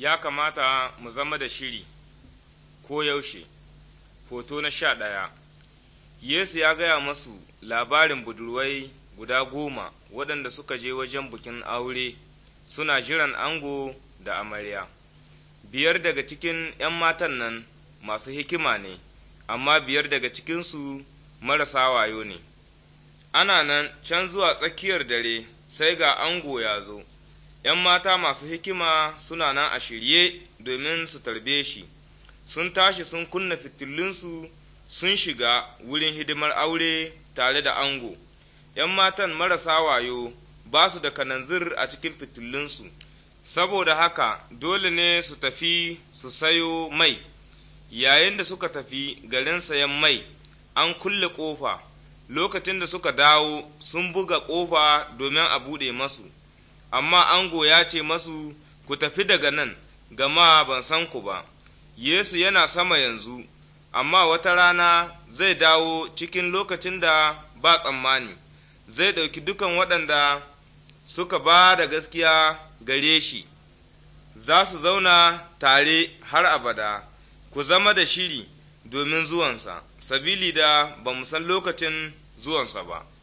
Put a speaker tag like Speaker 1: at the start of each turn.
Speaker 1: ya kamata mu zama da shiri ko yaushe hoto na sha ɗaya yesu ya gaya masu labarin budurwai guda goma waɗanda suka je wajen bukin aure suna jiran ango da amarya biyar daga cikin ‘yan matan nan masu hikima ne amma biyar daga cikinsu marasa wayo ne ana nan can zuwa tsakiyar dare sai ga ango ya zo ’yan mata masu hikima suna nan a shirye domin su tarbe shi, sun tashi sun kunna fitilunsu sun shiga wurin hidimar aure tare da ango, ’yan matan marasa wayo ba su da kananzir a cikin fitilunsu, saboda haka dole ne su tafi su sayo mai, yayin da suka tafi garin sayan mai an kulle ƙofa, lokacin da suka dawo sun buga ƙofa domin a buɗe masu. amma ango ya ce masu ku tafi daga nan gama ban san ku ba Yesu yana sama yanzu amma wata rana zai dawo cikin lokacin da ba tsammani zai ɗauki dukan waɗanda suka ba da gaskiya gare shi za su zauna tare har abada ku zama da shiri domin zuwansa sabili da ba mu san lokacin zuwansa ba